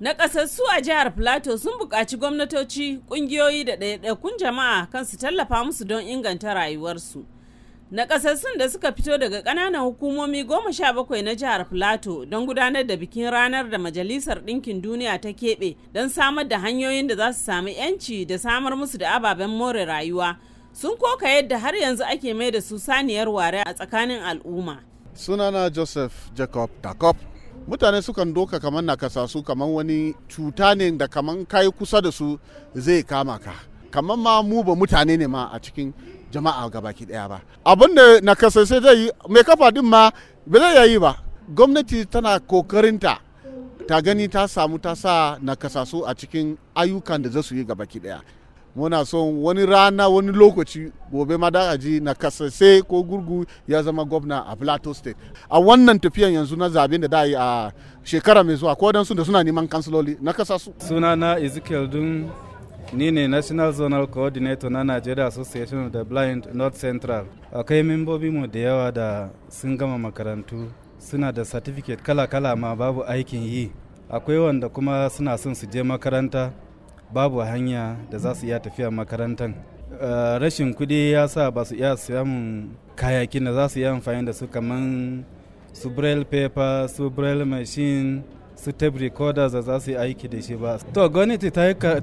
Nakasassu a jihar Plateau sun buƙaci gwamnatoci, ƙungiyoyi da ɗaiɗaikun jama'a kan su tallafa musu don inganta rayuwarsu. Nakasassun da suka fito daga ƙananan hukumomi goma sha bakwai na jihar Plateau don gudanar da bikin ranar da Majalisar Ɗinkin Duniya ta keɓe don samar da hanyoyin da za su sami 'yanci da samar musu da ababen more rayuwa. Sun koka yadda har yanzu ake mai da su saniyar ware a tsakanin al'umma. Sunana Joseph Jacob Dakop mutane sukan doka kamar kasa su kamar wani cuta ne da kamar kayi kusa da su zai kama ka kamar ma mu ba mutane ne ma a cikin jama'a gabaki daya ba abin da kasa sai zai yi mai kafa din ma ba zai yayi ba gwamnati tana kokarinta ta gani ta samu ta sa nakasasu a cikin ayyukan da za su yi gabaki daya muna son wani rana wani lokaci gobe ma da ji na kasase ko gurgu ya zama gwamna a plateau state a wannan tafiyan yanzu na zaben da da yi a shekara mai zuwa ko don su da suna neman kansiloli na kasa su suna na ezekiel dun ni ne national zonal coordinator na nigeria association of the blind north central akwai membobi mu da yawa da sun gama makarantu suna da certificate kala-kala ma babu aikin yi akwai wanda kuma suna son su je makaranta babu hanya da za su iya tafiya makarantar eh, rashin kuɗi ya sa ba su iya samun kayakin da za su iya amfani da su kamar su braille paper su braille machine su tape recorder da za su yi aiki da shi ba to gwamnati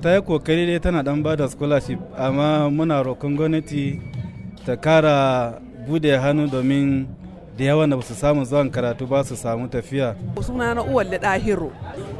ta yi kokari dai tana dan ba da scholarship amma muna roƙon gwamnati ta kara bude hannu domin da yawan da basu samu zuwan karatu ba su samu tafiya suna na uwalle dahiru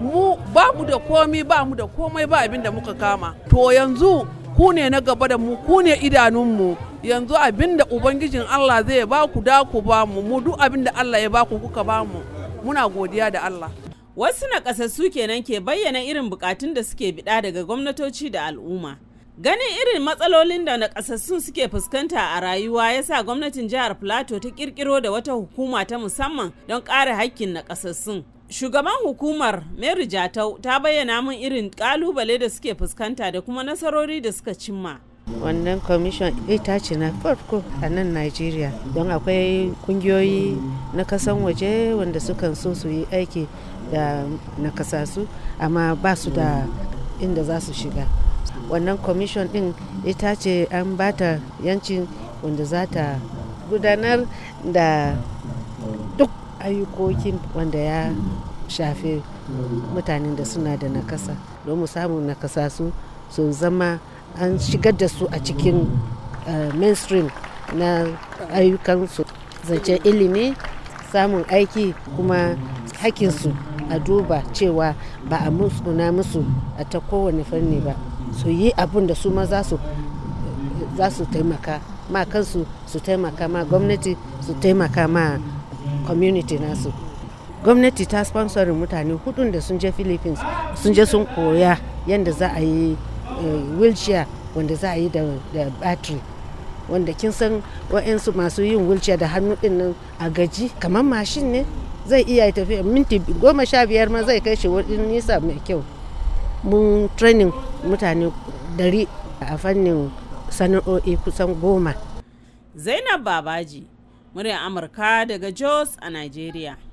mu ba mu da komi ba mu da komai ba abin da muka kama to yanzu ku ne na gaba da mu ku ne idanunmu yanzu abinda da ubangijin Allah zai ba ku da ku ba mu mu duk abin Allah ya ba ku kuka ba mu muna godiya da Allah wasu nakasassu kenan ke bayyana irin bukatun da suke bida daga gwamnatoci da al'umma Ganin irin matsalolin da nakasassun suke fuskanta a rayuwa ya sa gwamnatin jihar Plateau ta kirkiro da wata hukuma ta musamman don kare hakkin nakasassun. Shugaban hukumar Mary Jatau ta bayyana mun irin kalubale da suke fuskanta da kuma nasarori da suka cimma. wannan commission ita eh, ce na farko a nan nigeria don akwai kungiyoyi na kasan waje wanda sukan so su yi aiki da nakasassu amma ba su da inda za su shiga wannan commission din ita ce an bata yancin wanda za ta gudanar da duk ayyukokin wanda ya shafe mutanen da suna da nakasa domin samun nakasa su su zama an shigar da su a cikin eh, mainstream na ayyukansu zancen ilimi samun aiki kuma hakinsu a duba cewa ba a na musu a ta kowane fanni ba su yi abun da su ma za su taimaka ma kansu su taimaka ma gwamnati su taimaka ma community nasu gwamnati ta sponsorin mutane hudun da sun je philippines sun je sun koya yadda za a yi eh, wheelchair wanda za a yi da battery wanda kin san wa'yansu masu yin wheelchair da hannu din nan a gaji kamar mashin ne zai iya tafiya minti goma sha biyar ma zai kai shi wurin nisa mai kyau mun trenin mutane dari a fannin sana'o'i kusan goma zainab babaji muryar amurka daga jos a nigeria